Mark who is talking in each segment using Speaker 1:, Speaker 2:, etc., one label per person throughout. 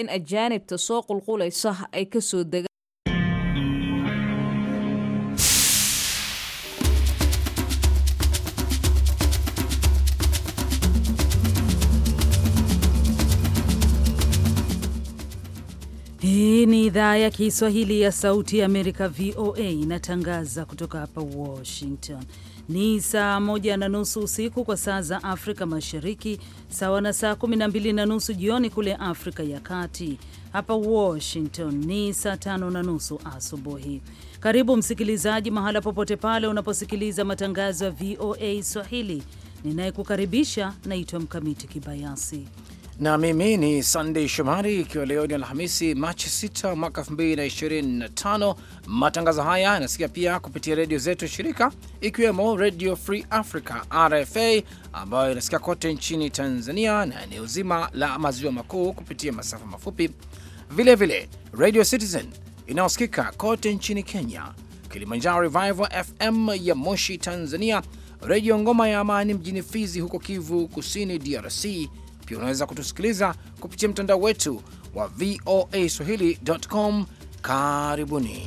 Speaker 1: in ajaanibta soo qulqulaysa ay kasoo degaan Hii ni idhaa ya Kiswahili ya Sauti ya Amerika, VOA, inatangaza kutoka hapa Washington. Ni saa moja na nusu usiku kwa saa za Afrika Mashariki, sawa na saa kumi na mbili na nusu jioni kule Afrika ya Kati. Hapa Washington ni saa tano na nusu asubuhi. Karibu msikilizaji, mahala popote pale unaposikiliza matangazo ya VOA Swahili. Ninayekukaribisha naitwa Mkamiti Kibayasi
Speaker 2: na mimi ni Sandey Shomari, ikiwa leo ni Alhamisi Machi 6 mwaka 2025. Matangazo haya yanasikia pia kupitia redio zetu shirika, ikiwemo redio Free Africa RFA ambayo inasikia kote nchini Tanzania na eneo zima la maziwa makuu kupitia masafa mafupi, vilevile Radio Citizen inayosikika kote nchini Kenya, Kilimanjaro Revival FM ya Moshi Tanzania, Redio Ngoma ya Amani mjini Fizi huko Kivu Kusini DRC, pia unaweza kutusikiliza kupitia mtandao wetu wa VOA Swahili.com. Karibuni.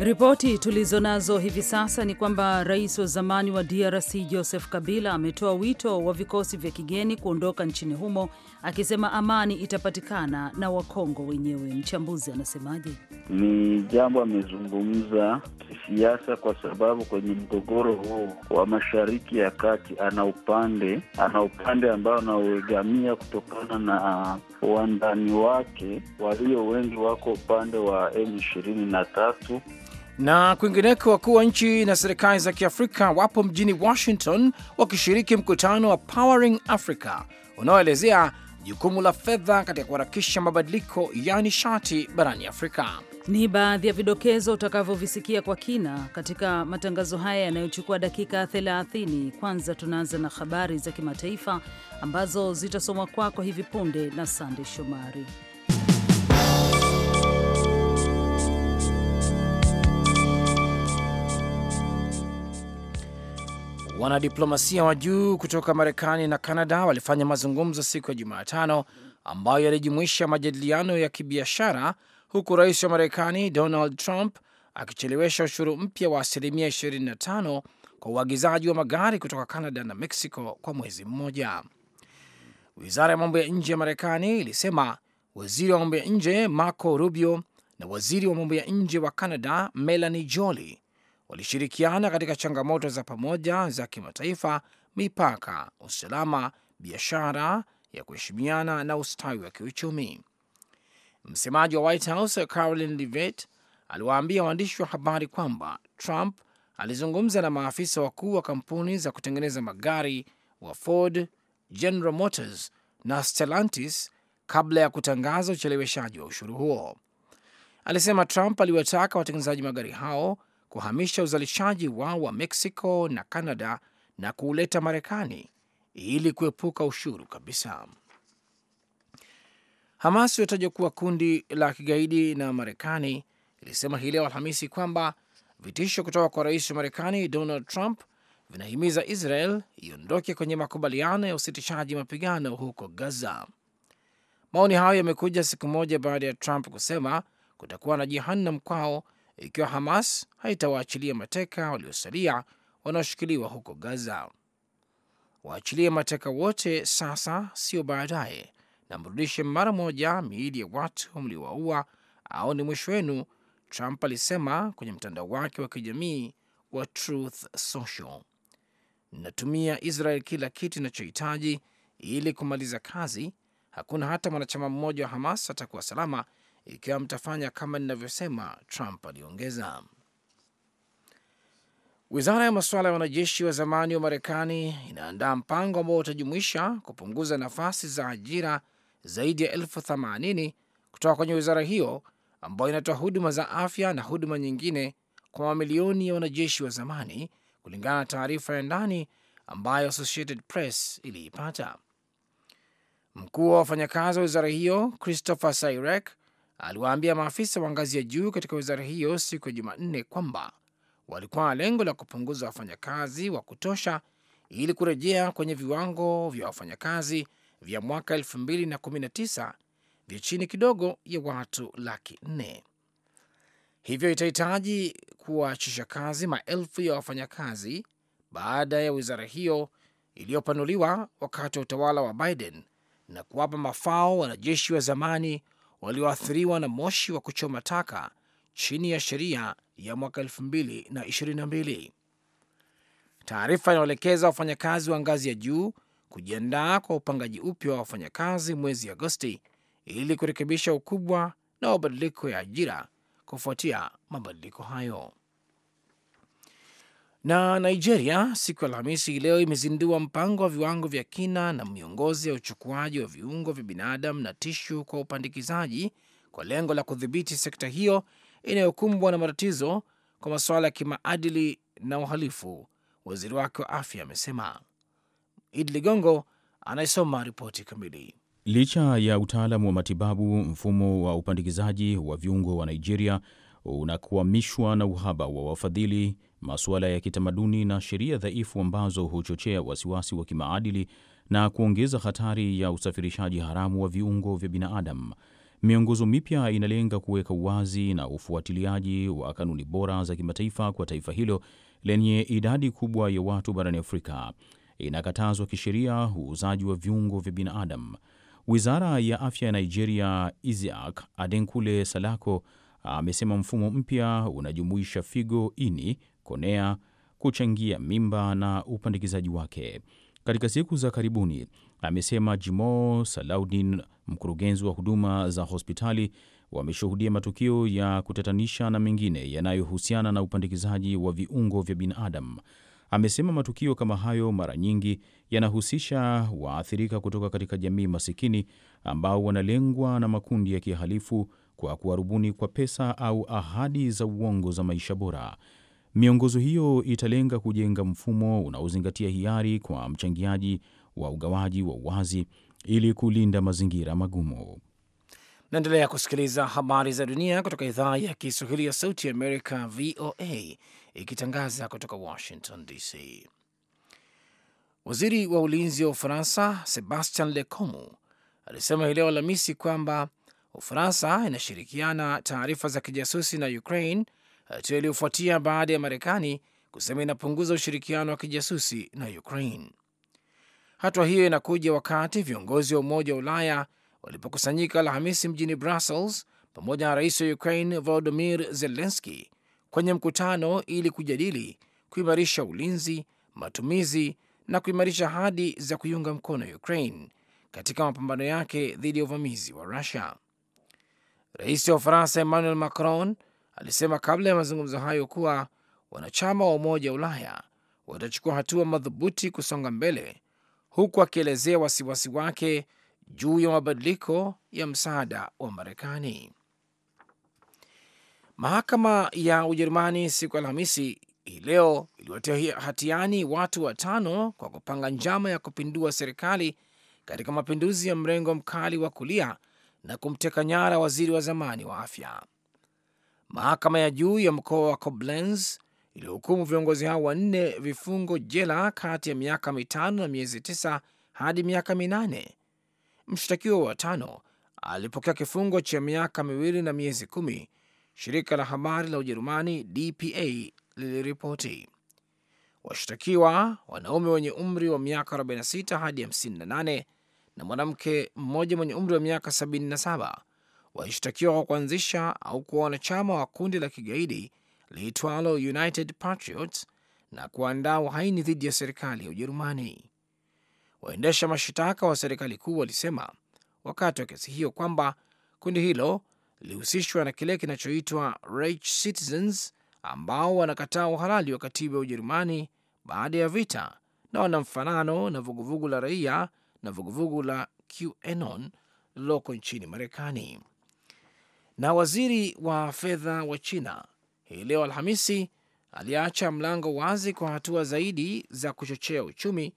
Speaker 1: Ripoti tulizo nazo hivi sasa ni kwamba rais wa zamani wa DRC Joseph Kabila ametoa wito wa vikosi vya kigeni kuondoka nchini humo akisema amani itapatikana na Wakongo wenyewe. Mchambuzi anasemaje?
Speaker 3: Ni jambo amezungumza kisiasa, kwa sababu kwenye mgogoro huu wa mashariki ya kati ana upande ana upande ambao anauegamia kutokana na wandani wake walio wengi wako upande wa M23
Speaker 2: na kwingineko. Wakuu wa nchi na serikali za Kiafrika wapo mjini Washington wakishiriki mkutano wa Powering Africa unaoelezea jukumu la fedha katika kuharakisha mabadiliko ya nishati barani Afrika.
Speaker 1: Ni baadhi ya vidokezo utakavyovisikia kwa kina katika matangazo haya yanayochukua dakika 30. Kwanza tunaanza na habari za kimataifa ambazo zitasomwa kwako hivi punde na Sande Shomari.
Speaker 2: Wanadiplomasia wa juu kutoka Marekani na Kanada walifanya mazungumzo siku ya Jumatano ambayo yalijumuisha majadiliano ya kibiashara huku rais wa Marekani Donald Trump akichelewesha ushuru mpya wa asilimia 25 kwa uagizaji wa magari kutoka Canada na Mexico kwa mwezi mmoja. Wizara ya mambo ya nje ya Marekani ilisema waziri wa mambo ya nje Marco Rubio na waziri wa mambo ya nje wa Canada Melanie joli walishirikiana katika changamoto za pamoja za kimataifa, mipaka, usalama, biashara ya kuheshimiana na ustawi wa kiuchumi. Msemaji wa White House aliwaambia waandishi wa habari kwamba Trump alizungumza na maafisa wakuu wa kampuni za kutengeneza magari wa Ford, General Motors na Stellantis kabla ya kutangaza ucheleweshaji wa ushuru huo. Alisema Trump aliwataka watengenezaji magari hao kuhamisha uzalishaji wao wa Mexico na Canada na kuuleta Marekani ili kuepuka ushuru kabisa. Hamas iliyotajwa kuwa kundi la kigaidi na Marekani ilisema hii leo Alhamisi kwamba vitisho kutoka kwa rais wa Marekani Donald Trump vinahimiza Israel iondoke kwenye makubaliano ya usitishaji mapigano huko Gaza. Maoni hayo yamekuja siku moja baada ya Trump kusema kutakuwa na jehanamu kwao ikiwa Hamas haitawaachilia mateka waliosalia wanaoshikiliwa huko Gaza. Waachilie mateka wote sasa, sio baadaye, na mrudishe mara moja miili ya watu mliowaua au ni mwisho wenu, Trump alisema kwenye mtandao wake wa kijamii wa Truth Social. Natumia Israel kila kitu inachohitaji ili kumaliza kazi. Hakuna hata mwanachama mmoja wa Hamas atakuwa salama ikiwa mtafanya kama ninavyosema, Trump aliongeza. Wizara ya masuala ya wanajeshi wa zamani wa Marekani inaandaa mpango ambao utajumuisha kupunguza nafasi za ajira zaidi ya elfu themanini kutoka kwenye wizara hiyo ambayo inatoa huduma za afya na huduma nyingine kwa mamilioni ya wanajeshi wa zamani, kulingana na taarifa ya ndani ambayo Associated Press iliipata. Mkuu wa wafanyakazi wa wizara hiyo Christopher Sairek aliwaambia maafisa wa ngazi ya juu katika wizara hiyo siku ya Jumanne kwamba walikuwa na lengo la kupunguza wafanyakazi wa kutosha ili kurejea kwenye viwango vya wafanyakazi vya mwaka 2019 vya chini kidogo ya watu laki nne. Hivyo itahitaji kuwaachisha kazi maelfu ya wafanyakazi baada ya wizara hiyo iliyopanuliwa wakati wa utawala wa Biden na kuwapa mafao wanajeshi wa zamani walioathiriwa na moshi wa kuchoma taka chini ya sheria ya mwaka 222 Taarifa inaelekeza wafanyakazi wa ngazi ya juu kujiandaa kwa upangaji upya wa wafanyakazi mwezi Agosti ili kurekebisha ukubwa na mabadiliko ya ajira kufuatia mabadiliko hayo. Na Nigeria siku ya Alhamisi leo imezindua mpango wa viwango vya kina na miongozo ya uchukuaji wa viungo vya binadamu na tishu kwa upandikizaji kwa lengo la kudhibiti sekta hiyo inayokumbwa na matatizo kwa masuala ya kimaadili na uhalifu, waziri wake wa afya amesema. Idi Ligongo anayesoma ripoti kamili.
Speaker 4: Licha ya utaalamu wa matibabu, mfumo wa upandikizaji wa viungo wa Nigeria unakwamishwa na uhaba wa wafadhili masuala ya kitamaduni na sheria dhaifu ambazo huchochea wasiwasi wa kimaadili na kuongeza hatari ya usafirishaji haramu wa viungo vya binadamu. Miongozo mipya inalenga kuweka uwazi na ufuatiliaji wa kanuni bora za kimataifa kwa taifa hilo lenye idadi kubwa ya watu barani Afrika. Inakatazwa kisheria uuzaji wa viungo vya binadamu. Wizara ya afya ya Nigeria, Isiaq Adenkule Salako, amesema mfumo mpya unajumuisha figo, ini, konea, kuchangia mimba na upandikizaji wake. Katika siku za karibuni, amesema Jimo Salaudin, mkurugenzi wa huduma za hospitali, wameshuhudia matukio ya kutatanisha na mengine yanayohusiana na upandikizaji wa viungo vya binadamu. Amesema matukio kama hayo mara nyingi yanahusisha waathirika kutoka katika jamii masikini ambao wanalengwa na makundi ya kihalifu kwa kuwarubuni kwa pesa au ahadi za uongo za maisha bora. Miongozo hiyo italenga kujenga mfumo unaozingatia hiari kwa mchangiaji wa ugawaji wa uwazi ili kulinda mazingira magumu.
Speaker 2: Naendelea kusikiliza habari za dunia kutoka idhaa ya Kiswahili ya Sauti ya Amerika, VOA, ikitangaza kutoka Washington DC. Waziri wa ulinzi wa Ufaransa Sebastian Lecornu alisema hii leo Alhamisi kwamba Ufaransa inashirikiana taarifa za kijasusi na Ukraine hatua uh, iliyofuatia baada ya Marekani kusema inapunguza ushirikiano wa kijasusi na Ukraine. Hatua hiyo inakuja wakati viongozi wa Umoja wa Ulaya walipokusanyika Alhamisi mjini Brussels pamoja na rais wa Ukraine Volodymyr Zelensky kwenye mkutano ili kujadili kuimarisha ulinzi, matumizi na kuimarisha ahadi za kuiunga mkono Ukraine katika mapambano yake dhidi ya uvamizi wa Rusia. Rais wa Ufaransa Emmanuel Macron alisema kabla ya mazungumzo hayo kuwa wanachama wa Umoja wa Ulaya watachukua hatua madhubuti kusonga mbele, huku akielezea wasiwasi wake juu ya mabadiliko ya msaada wa Marekani. Mahakama ya Ujerumani siku Alhamisi hii leo iliwatia hatiani watu watano kwa kupanga njama ya kupindua serikali katika mapinduzi ya mrengo mkali wa kulia na kumteka nyara waziri wa zamani wa afya. Mahakama ya juu ya mkoa wa Koblenz ilihukumu viongozi hao wanne vifungo jela kati ya miaka mitano na miezi tisa hadi miaka minane. Mshtakiwa wa tano alipokea kifungo cha miaka miwili na miezi kumi, shirika la habari la Ujerumani DPA liliripoti. Washtakiwa wanaume wenye umri wa miaka 46 hadi 58 na mwanamke mmoja mwenye umri wa miaka walishtakiwa kwa kuanzisha au kuwa wanachama wa kundi la kigaidi liitwalo United Patriots na kuandaa uhaini dhidi ya serikali ya Ujerumani. Waendesha mashitaka wa serikali kuu walisema wakati wa kesi hiyo kwamba kundi hilo lilihusishwa na kile kinachoitwa Reich Citizens ambao wanakataa uhalali wa katiba ya Ujerumani baada ya vita na wana mfanano na vuguvugu la raia na vuguvugu la QAnon lililoko nchini Marekani. Na waziri wa fedha wa China hii leo Alhamisi aliacha mlango wazi kwa hatua zaidi za kuchochea uchumi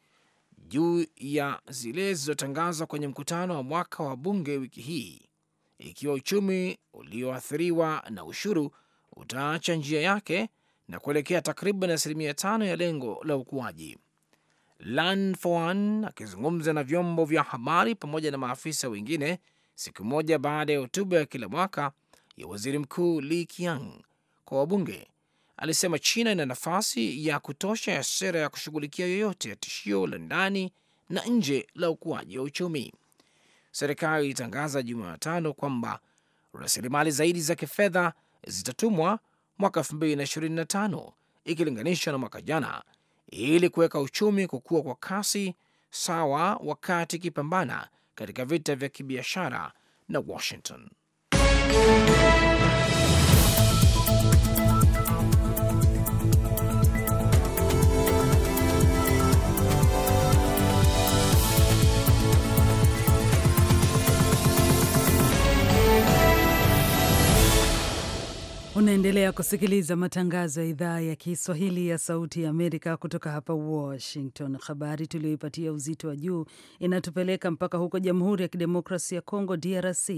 Speaker 2: juu ya zile zilizotangazwa kwenye mkutano wa mwaka wa bunge wiki hii, ikiwa uchumi ulioathiriwa na ushuru utaacha njia yake na kuelekea takriban asilimia tano ya lengo la ukuaji. Lan Foan akizungumza na vyombo vya habari pamoja na maafisa wengine siku moja baada ya hotuba ya kila mwaka ya waziri mkuu Li Qiang kwa wabunge. Alisema China ina nafasi ya kutosha ya sera ya kushughulikia yoyote ya tishio la ndani na nje la ukuaji wa uchumi. Serikali ilitangaza Jumatano kwamba rasilimali zaidi za kifedha zitatumwa mwaka 2025 ikilinganishwa na mwaka jana ili kuweka uchumi kukua kwa kasi sawa, wakati ikipambana katika vita vya kibiashara na Washington.
Speaker 1: Unaendelea kusikiliza matangazo ya idhaa ya Kiswahili ya Sauti ya Amerika kutoka hapa Washington. Habari tuliyoipatia uzito wa juu inatupeleka mpaka huko Jamhuri ya Kidemokrasi ya Kongo, DRC,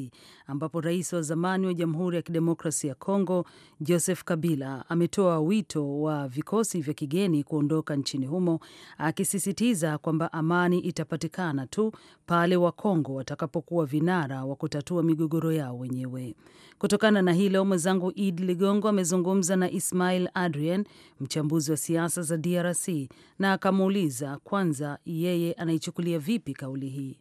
Speaker 1: ambapo rais wa zamani wa Jamhuri ya Kidemokrasi ya Kongo Joseph Kabila ametoa wito wa vikosi vya kigeni kuondoka nchini humo, akisisitiza kwamba amani itapatikana tu pale Wakongo watakapokuwa vinara wa kutatua migogoro yao wenyewe. Kutokana na hilo, mwenzangu Idli Ligongo amezungumza na Ismail Adrian, mchambuzi wa siasa za DRC, na akamuuliza kwanza yeye anaichukulia vipi kauli hii.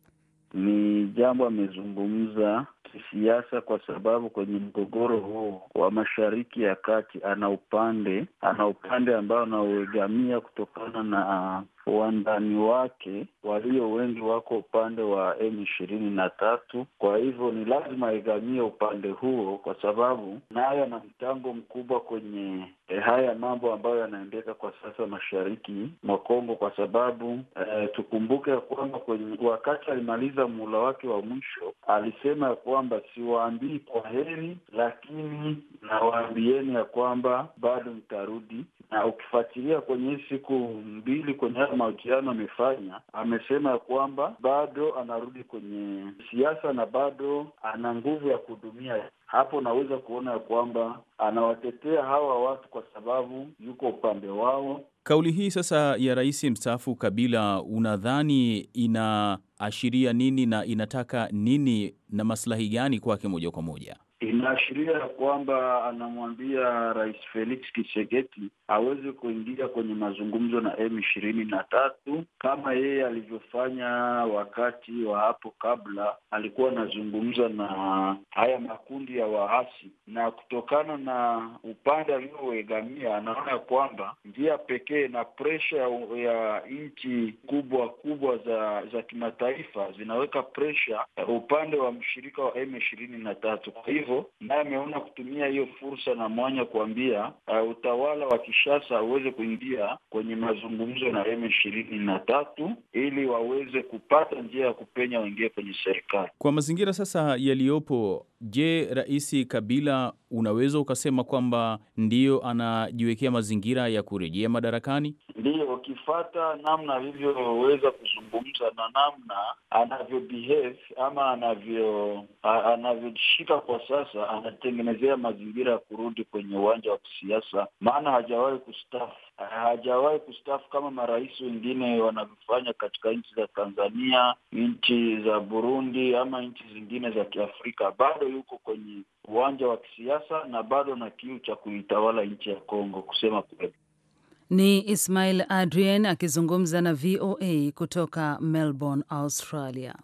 Speaker 3: Ni jambo amezungumza kisiasa, kwa sababu kwenye mgogoro huu wa mashariki ya kati ana upande ana upande ambao anauegamia kutokana na wandani wake walio wengi wako upande wa M ishirini na tatu. Kwa hivyo ni lazima aigamie upande huo, kwa sababu nayo ana mchango mkubwa kwenye eh, haya mambo ambayo yanaendeka kwa sasa mashariki mwa Kongo, kwa sababu eh, tukumbuke ya kwamba kwenye wakati alimaliza muhula wake wa mwisho alisema ya kwamba kwamba siwaambii kwa heri, lakini nawaambieni ya kwamba bado nitarudi. Na ukifuatilia kwenye hii siku mbili kwenye hayo mahojiano amefanya, amesema ya kwamba bado anarudi kwenye siasa na bado ana nguvu ya kuhudumia. Hapo unaweza kuona ya kwamba anawatetea hawa watu kwa sababu yuko upande wao.
Speaker 4: Kauli hii sasa ya rais mstaafu Kabila unadhani ina inaashiria nini na inataka nini na maslahi gani kwake moja kwa moja?
Speaker 3: inaashiria kwamba anamwambia Rais Felix Kisegeti aweze kuingia kwenye mazungumzo na M ishirini na tatu kama yeye alivyofanya wakati wa hapo kabla, alikuwa anazungumza na haya makundi ya waasi, na kutokana na upande aliyoegamia, anaona kwamba njia pekee na presha ya nchi kubwa kubwa za za kimataifa zinaweka presha upande wa mshirika wa M ishirini na tatu. Kwa hiyo hivyo, naye ameona kutumia hiyo fursa na mwanya kuambia uh, utawala wa Kishasa aweze kuingia kwenye mazungumzo na M ishirini na tatu ili waweze kupata njia ya kupenya waingie kwenye serikali
Speaker 4: kwa mazingira sasa yaliyopo. Je, Rais Kabila unaweza ukasema kwamba ndiyo anajiwekea mazingira ya kurejea madarakani?
Speaker 3: Ndiyo, ukifata namna alivyoweza kuzungumza na namna anavyo behave ama anavyo anavyoshika kwa sasa, anatengenezea mazingira ya kurudi kwenye uwanja wa kisiasa, maana hajawahi kustafu hajawahi kustafu kama marais wengine wanavyofanya katika nchi za Tanzania, nchi za Burundi ama nchi zingine za Kiafrika. Bado yuko kwenye uwanja wa kisiasa na bado na kiu cha kuitawala nchi ya Kongo, kusema kweli.
Speaker 1: Ni Ismail Adrien akizungumza na VOA kutoka Melbourne, Australia.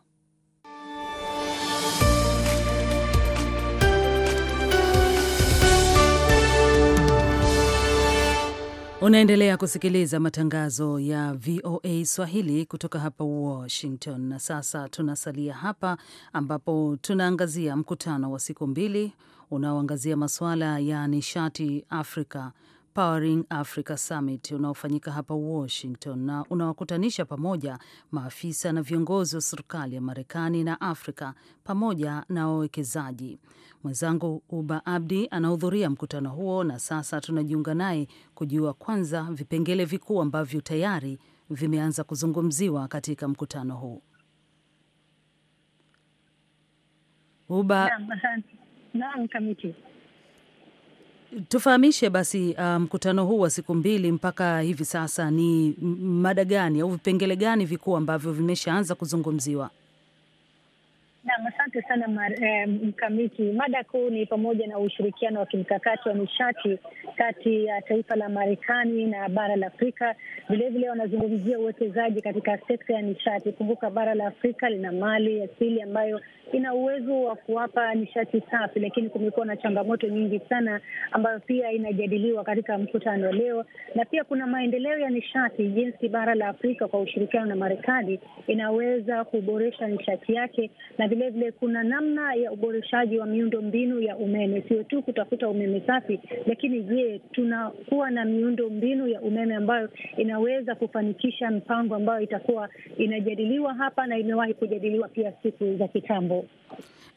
Speaker 1: Unaendelea kusikiliza matangazo ya VOA Swahili kutoka hapa Washington, na sasa tunasalia hapa ambapo tunaangazia mkutano wa siku mbili unaoangazia masuala ya nishati Afrika Powering Africa Summit unaofanyika hapa Washington na unawakutanisha pamoja maafisa na viongozi wa serikali ya Marekani na Afrika pamoja na wawekezaji. Mwenzangu Uba Abdi anahudhuria mkutano huo na sasa tunajiunga naye kujua kwanza vipengele vikuu ambavyo tayari vimeanza kuzungumziwa katika mkutano huu. Uba... Naam, naam, Tufahamishe basi uh, mkutano um, huu wa siku mbili mpaka hivi sasa ni mada gani au vipengele gani vikuu ambavyo vimeshaanza kuzungumziwa?
Speaker 5: Nam, asante sana eh, mkamiti. Um, mada kuu ni pamoja na ushirikiano wa kimkakati wa nishati kati ya taifa la Marekani na bara la Afrika. Vilevile wanazungumzia uwekezaji katika sekta ya nishati. Kumbuka bara la Afrika lina mali asili ambayo ina uwezo wa kuwapa nishati safi, lakini kumekuwa na changamoto nyingi sana ambayo pia inajadiliwa katika mkutano leo, na pia kuna maendeleo ya nishati, jinsi bara la Afrika kwa ushirikiano na Marekani inaweza kuboresha nishati yake na vilevile vile kuna namna ya uboreshaji wa miundo mbinu ya umeme, sio tu kutafuta umeme safi, lakini je, tunakuwa na miundo mbinu ya umeme ambayo inaweza kufanikisha mpango ambayo itakuwa inajadiliwa hapa na imewahi kujadiliwa pia siku za kitambo.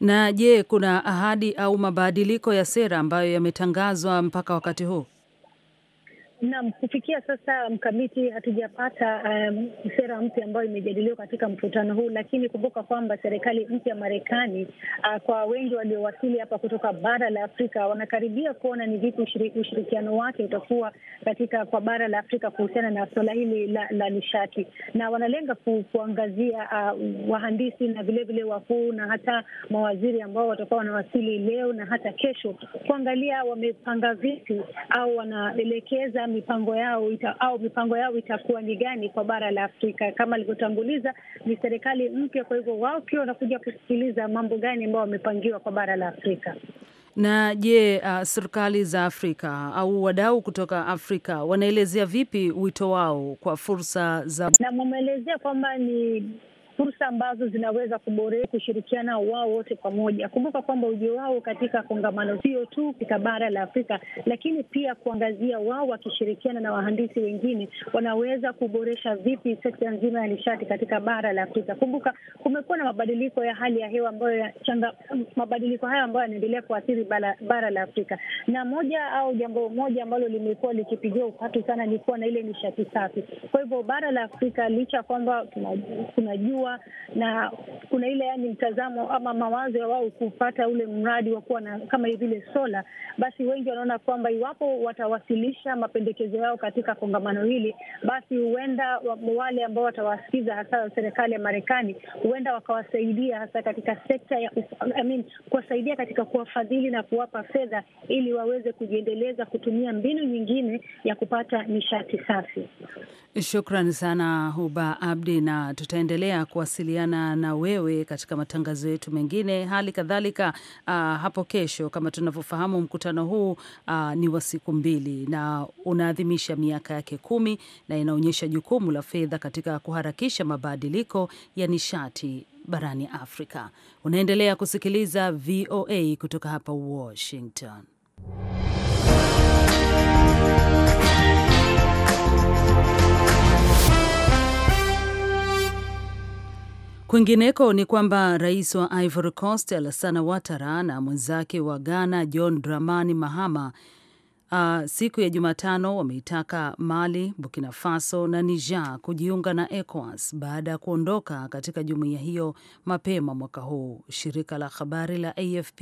Speaker 1: Na je, kuna ahadi au mabadiliko ya sera ambayo yametangazwa mpaka wakati huu?
Speaker 5: Naam, kufikia sasa mkamiti, um, hatujapata um, sera mpya ambayo imejadiliwa katika mkutano huu, lakini kumbuka kwamba serikali mpya ya Marekani uh, kwa wengi waliowasili hapa kutoka bara la Afrika wanakaribia kuona ni vipi ushirikiano wake utakuwa katika kwa bara la Afrika kuhusiana na suala hili la, la nishati, na wanalenga ku, kuangazia uh, wahandisi na vilevile wakuu na hata mawaziri ambao watakuwa wanawasili leo na hata kesho, kuangalia wamepanga vipi au wanaelekeza mipango yao ita, au mipango yao itakuwa ni gani kwa bara la Afrika. Kama alivyotanguliza, ni serikali mpya, kwa hivyo wao pia wanakuja kusikiliza mambo gani ambayo wamepangiwa kwa bara la Afrika.
Speaker 1: Na je, uh, serikali za Afrika au wadau kutoka Afrika wanaelezea vipi wito wao kwa fursa za,
Speaker 5: na mumeelezea kwamba ni fursa ambazo zinaweza kuboresha kushirikiana wao wote pamoja. Kumbuka kwamba ujio wao katika kongamano sio tu katika bara la Afrika, lakini pia kuangazia wao wakishirikiana na wahandisi wengine wanaweza kuboresha vipi sekta nzima ya nishati katika bara la Afrika. Kumbuka kumekuwa na mabadiliko ya hali ya hewa ambayo ya changa, mabadiliko hayo ambayo yanaendelea kuathiri bara, bara la Afrika, na moja au jambo moja ambalo limekuwa likipigiwa upatu sana ni kuwa na ile nishati safi. Kwa hivyo bara la Afrika licha ya kwamba tunajua kuwa na kuna ile yani mtazamo ama mawazo ya wao kupata ule mradi wa kuwa na kama vile sola, basi wengi wanaona kwamba iwapo watawasilisha mapendekezo yao katika kongamano hili, basi huenda wale ambao watawasikiza hasa serikali ya Marekani huenda wakawasaidia hasa katika sekta ya I mean, kuwasaidia katika kuwafadhili na kuwapa fedha ili waweze kujiendeleza kutumia mbinu nyingine ya kupata nishati safi.
Speaker 1: shukran sana Huba Abdi, na tutaendelea kuwasiliana na wewe katika matangazo yetu mengine. Hali kadhalika uh, hapo kesho kama tunavyofahamu, mkutano huu uh, ni wa siku mbili na unaadhimisha miaka yake kumi na inaonyesha jukumu la fedha katika kuharakisha mabadiliko ya nishati barani Afrika. Unaendelea kusikiliza VOA kutoka hapa Washington. Kwingineko ni kwamba rais wa Ivory Coast Alassane Ouattara na mwenzake wa Ghana John Dramani Mahama Uh, siku ya Jumatano wameitaka Mali, Burkina Faso na Niger kujiunga na ECOWAS baada ya kuondoka katika jumuiya hiyo mapema mwaka huu. Shirika la habari la AFP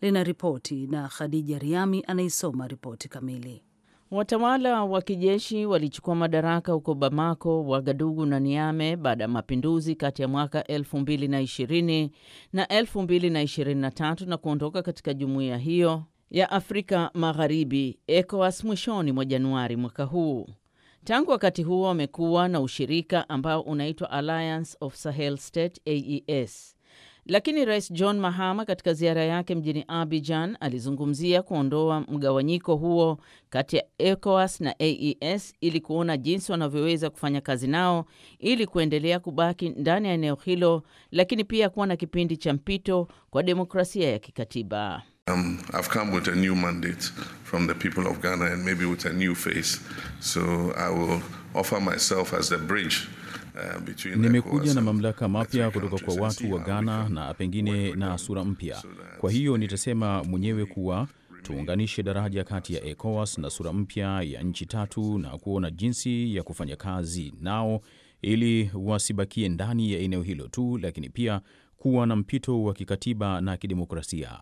Speaker 1: lina ripoti na Khadija Riami anaisoma ripoti kamili.
Speaker 6: Watawala wa kijeshi walichukua madaraka huko Bamako, Wagadugu na Niame baada ya mapinduzi kati ya mwaka 2020 na 2023 na kuondoka katika jumuiya hiyo ya Afrika Magharibi ECOWAS mwishoni mwa Januari mwaka huu. Tangu wakati huo wamekuwa na ushirika ambao unaitwa Alliance of Sahel State AES. Lakini Rais John Mahama katika ziara yake mjini Abidjan alizungumzia kuondoa mgawanyiko huo kati ya ECOWAS na AES ili kuona jinsi wanavyoweza kufanya kazi nao ili kuendelea kubaki ndani ya eneo hilo, lakini pia kuwa na kipindi cha mpito kwa demokrasia ya kikatiba.
Speaker 7: Um, I've come with a new mandate from the people of Ghana and maybe with a new face. So I will offer myself as a bridge Uh, Nimekuja na
Speaker 4: mamlaka mapya kutoka kwa watu wa Ghana na pengine na sura mpya. Kwa hiyo nitasema mwenyewe kuwa tuunganishe daraja kati ya ECOWAS na sura mpya ya nchi tatu na kuona jinsi ya kufanya kazi nao ili wasibakie ndani ya eneo hilo tu, lakini pia kuwa na mpito wa kikatiba na kidemokrasia.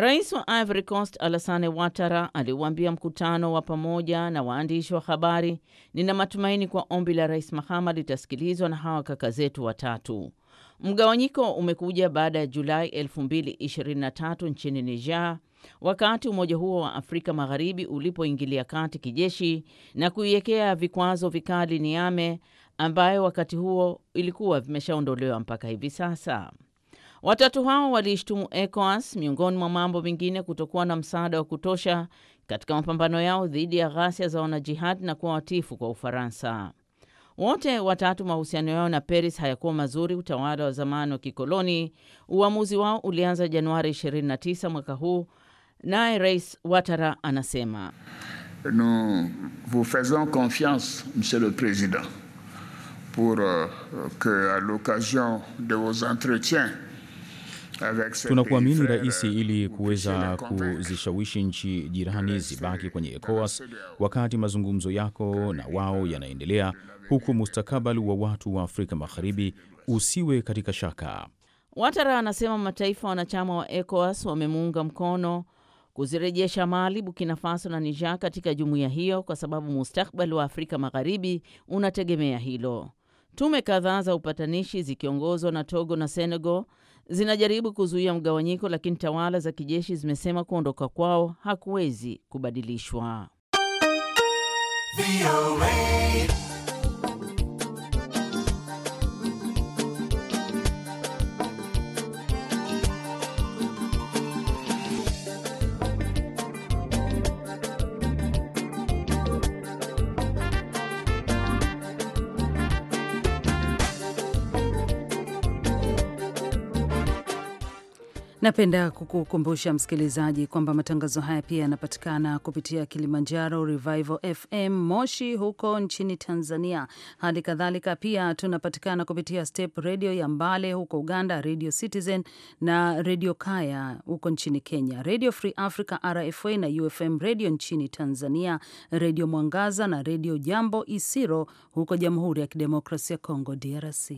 Speaker 6: Rais wa Ivory Coast Alassane Ouattara aliuambia mkutano wa pamoja na waandishi wa habari, nina matumaini kwa ombi la Rais Mahama litasikilizwa na hawa kaka zetu watatu. Mgawanyiko umekuja baada ya Julai 2023 nchini Niger wakati umoja huo wa Afrika Magharibi ulipoingilia kati kijeshi na kuiwekea vikwazo vikali Niame ambayo wakati huo ilikuwa vimeshaondolewa mpaka hivi sasa. Watatu hao waliishtumu ECOWAS miongoni mwa mambo mengine, kutokuwa na msaada wa kutosha katika mapambano yao dhidi ya ghasia za wanajihadi na kuwa watifu kwa Ufaransa. Wote watatu mahusiano yao na Paris hayakuwa mazuri, utawala wa zamani wa kikoloni. Uamuzi wao ulianza Januari 29 mwaka huu. Naye Rais Watara anasema
Speaker 3: Nous vous faisons confiance, monsieur le president pour euh, que à l'occasion de vos entretiens Tunakuamini
Speaker 4: rais, ili euh, kuweza kuzishawishi nchi jirani zibaki kwenye ECOWAS wakati mazungumzo yako na wao yanaendelea, huku mustakabali wa watu wa Afrika Magharibi usiwe katika shaka.
Speaker 6: Watara anasema mataifa wanachama wa ECOWAS wamemuunga mkono kuzirejesha Mali, Burkina Faso na Niger katika jumuiya hiyo kwa sababu mustakbali wa Afrika Magharibi unategemea hilo. Tume kadhaa za upatanishi zikiongozwa na Togo na Senegal zinajaribu kuzuia mgawanyiko, lakini tawala za kijeshi zimesema kuondoka kwao hakuwezi kubadilishwa.
Speaker 1: Napenda kukukumbusha msikilizaji kwamba matangazo haya pia yanapatikana kupitia Kilimanjaro Revival FM Moshi huko nchini Tanzania. Hali kadhalika pia tunapatikana kupitia Step Redio ya Mbale huko Uganda, Radio Citizen na Redio Kaya huko nchini Kenya, redio Free Africa RFA na UFM Redio nchini Tanzania, Redio Mwangaza na Redio Jambo Isiro huko Jamhuri ya Kidemokrasia ya Kongo DRC.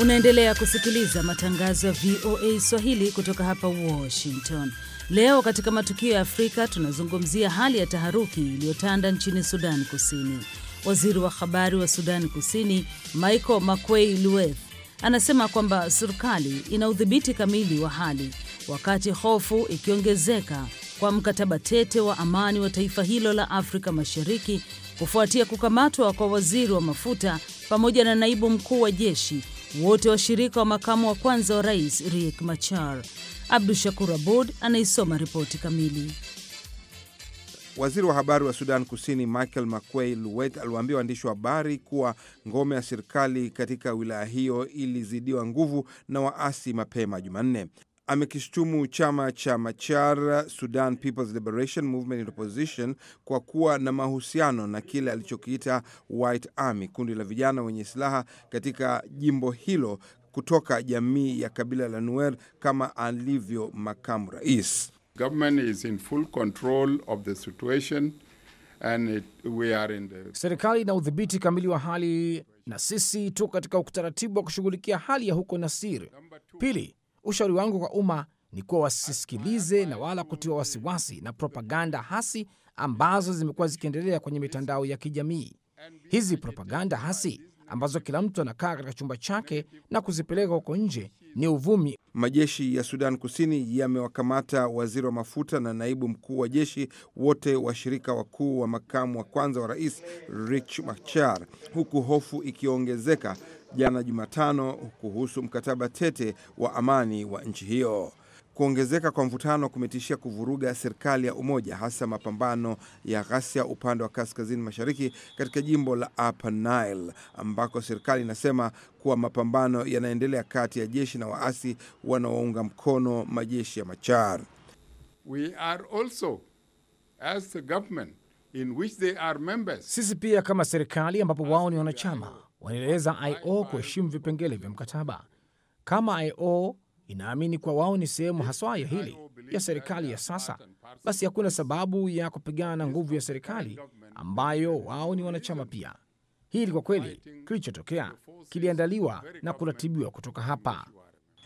Speaker 1: Unaendelea kusikiliza matangazo ya VOA Swahili kutoka hapa Washington. Leo katika matukio ya Afrika tunazungumzia hali ya taharuki iliyotanda nchini Sudan Kusini. Waziri wa habari wa sudani Kusini Michael Makuei Lueth anasema kwamba serikali ina udhibiti kamili wa hali, wakati hofu ikiongezeka kwa mkataba tete wa amani wa taifa hilo la Afrika Mashariki kufuatia kukamatwa kwa waziri wa mafuta pamoja na naibu mkuu wa jeshi wote washirika wa makamu wa kwanza wa rais Riek Machar. Abdu Shakur Abud anaisoma ripoti kamili.
Speaker 7: Waziri wa habari wa Sudan Kusini Michael Makwei Luwet aliwaambia waandishi wa habari kuwa ngome ya serikali katika wilaya hiyo ilizidiwa nguvu na waasi mapema Jumanne amekishtumu chama cha Machar Sudan People's Liberation Movement in Opposition kwa kuwa na mahusiano na kile alichokiita White Army, kundi la vijana wenye silaha katika jimbo hilo kutoka jamii ya kabila la Nuer, kama alivyo makamu rais.
Speaker 2: Serikali ina udhibiti kamili wa hali, na sisi tuko katika utaratibu wa kushughulikia hali ya huko Nasir. Pili, Ushauri wangu kwa umma ni kuwa wasisikilize na wala kutiwa wasiwasi na propaganda hasi ambazo zimekuwa zikiendelea kwenye mitandao ya kijamii. Hizi propaganda hasi ambazo kila mtu anakaa katika chumba chake na kuzipeleka huko nje
Speaker 7: ni uvumi. Majeshi ya Sudan Kusini yamewakamata waziri wa mafuta na naibu mkuu wa jeshi, wote washirika wakuu wa makamu wa kwanza wa rais Rich Machar, huku hofu ikiongezeka jana Jumatano kuhusu mkataba tete wa amani wa nchi hiyo. Kuongezeka kwa mvutano kumetishia kuvuruga serikali ya umoja, hasa mapambano ya ghasia upande wa kaskazini mashariki katika jimbo la Upper Nile, ambako serikali inasema kuwa mapambano yanaendelea kati ya jeshi na waasi wanaounga mkono majeshi ya Machar. We are also, as the government in which they are members,
Speaker 2: sisi pia kama serikali ambapo wao ni wanachama wanaeleza IO kuheshimu vipengele vya mkataba kama IO inaamini kuwa wao ni sehemu haswa ya hili ya serikali ya sasa, basi hakuna sababu ya kupigana na nguvu ya serikali ambayo wao ni wanachama pia. Hili kwa kweli, kilichotokea kiliandaliwa na kuratibiwa kutoka hapa.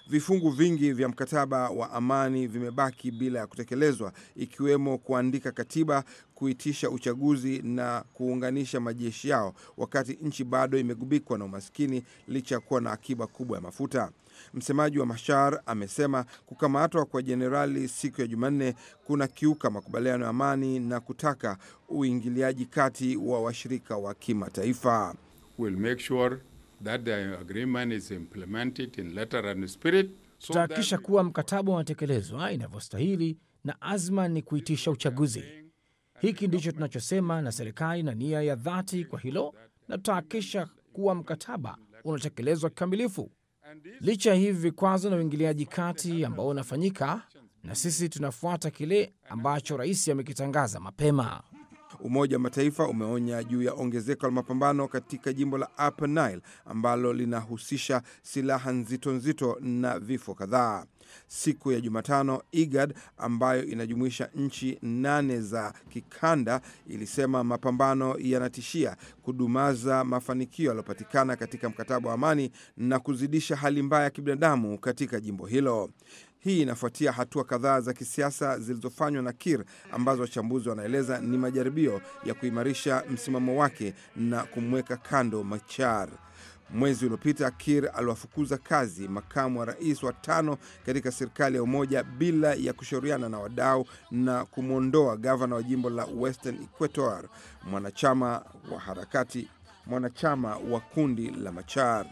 Speaker 7: Vifungu vingi vya mkataba wa amani vimebaki bila ya kutekelezwa, ikiwemo kuandika katiba, kuitisha uchaguzi na kuunganisha majeshi yao, wakati nchi bado imegubikwa na umaskini licha ya kuwa na akiba kubwa ya mafuta. Msemaji wa Mashar amesema kukamatwa kwa jenerali siku ya Jumanne kuna kiuka makubaliano ya amani na kutaka uingiliaji kati wa washirika wa kimataifa. We'll make sure that the agreement is implemented in letter and spirit. Tutahakikisha
Speaker 2: so kuwa mkataba unatekelezwa inavyostahili na azma ni kuitisha uchaguzi. Hiki ndicho tunachosema na serikali na nia ya dhati kwa hilo, na tutahakikisha kuwa mkataba unatekelezwa kikamilifu. Licha ya hivi vikwazo na uingiliaji kati ambao unafanyika, na sisi tunafuata kile ambacho rais amekitangaza mapema.
Speaker 7: Umoja wa Mataifa umeonya juu ya ongezeko la mapambano katika jimbo la Upper Nile ambalo linahusisha silaha nzito nzito na vifo kadhaa. Siku ya Jumatano, IGAD ambayo inajumuisha nchi nane za kikanda ilisema mapambano yanatishia kudumaza mafanikio yaliyopatikana katika mkataba wa amani na kuzidisha hali mbaya ya kibinadamu katika jimbo hilo. Hii inafuatia hatua kadhaa za kisiasa zilizofanywa na Kir ambazo wachambuzi wanaeleza ni majaribio ya kuimarisha msimamo wake na kumweka kando Machar. Mwezi uliopita Kir aliwafukuza kazi makamu wa rais wa tano katika serikali ya umoja bila ya kushauriana na wadau na kumwondoa gavana wa jimbo la Western Equator, mwanachama wa harakati, mwanachama wa kundi la Machar.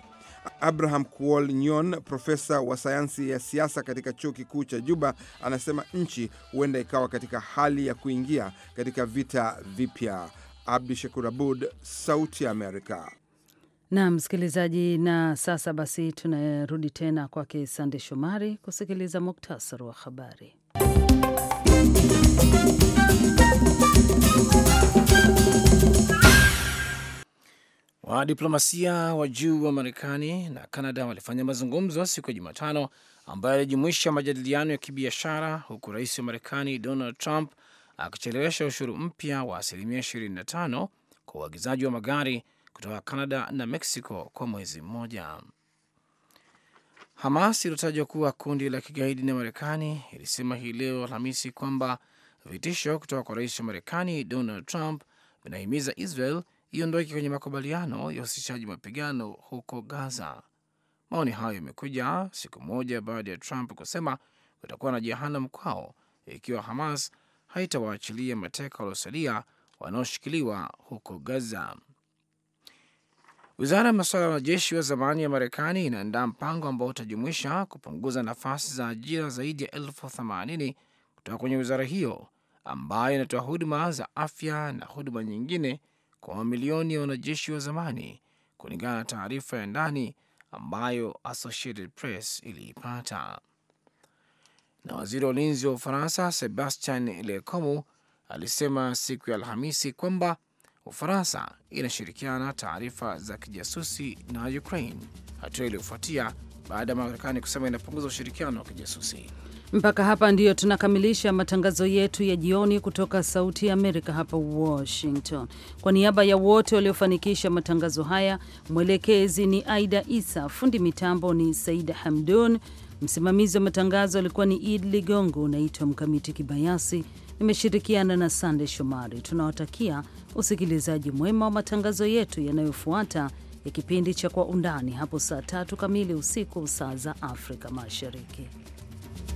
Speaker 7: Abraham Kuol Nyon, profesa wa sayansi ya siasa katika chuo kikuu cha Juba, anasema nchi huenda ikawa katika hali ya kuingia katika vita vipya. Abdu Shakur Abud, Sauti ya Amerika.
Speaker 1: Na msikilizaji, na sasa basi tunarudi tena kwake Sande Shomari kusikiliza muktasari wa habari.
Speaker 2: Wadiplomasia wa juu wa Marekani na Kanada walifanya mazungumzo siku ya Jumatano ambayo yalijumuisha majadiliano ya kibiashara, huku rais wa Marekani Donald Trump akichelewesha ushuru mpya wa asilimia 25 kwa uagizaji wa magari kutoka Canada na Mexico kwa mwezi mmoja. Hamas iliyotajwa kuwa kundi la kigaidi na Marekani ilisema hii leo Alhamisi kwamba vitisho kutoka kwa rais wa Marekani Donald Trump vinahimiza Israel iondoke kwenye makubaliano ya usitishaji mapigano huko Gaza. Maoni hayo yamekuja siku moja baada ya Trump kusema kutakuwa na jehanamu kwao ikiwa Hamas haitawaachilia mateka waliosalia wanaoshikiliwa huko Gaza. Wizara ya masuala ya wanajeshi wa zamani ya Marekani inaandaa mpango ambao utajumuisha kupunguza nafasi za ajira zaidi ya elfu themanini kutoka kwenye wizara hiyo ambayo inatoa huduma za afya na huduma nyingine kwa mamilioni ya wanajeshi wa zamani, kulingana na taarifa ya ndani ambayo Associated Press iliipata. Na waziri wa ulinzi wa Ufaransa Sebastian Lecornu alisema siku ya Alhamisi kwamba Ufaransa inashirikiana taarifa za kijasusi na Ukraine, hatua iliyofuatia baada ya Marekani kusema inapunguza ushirikiano wa kijasusi.
Speaker 1: Mpaka hapa ndiyo tunakamilisha matangazo yetu ya jioni kutoka Sauti ya Amerika hapa Washington. Kwa niaba ya wote waliofanikisha matangazo haya, mwelekezi ni Aida Isa, fundi mitambo ni Saida Hamdun, msimamizi wa matangazo alikuwa ni Id Ligongo. Unaitwa Mkamiti Kibayasi, nimeshirikiana na Sande Shomari. Tunawatakia usikilizaji mwema wa matangazo yetu yanayofuata ya kipindi cha Kwa Undani hapo saa tatu kamili usiku saa za Afrika Mashariki.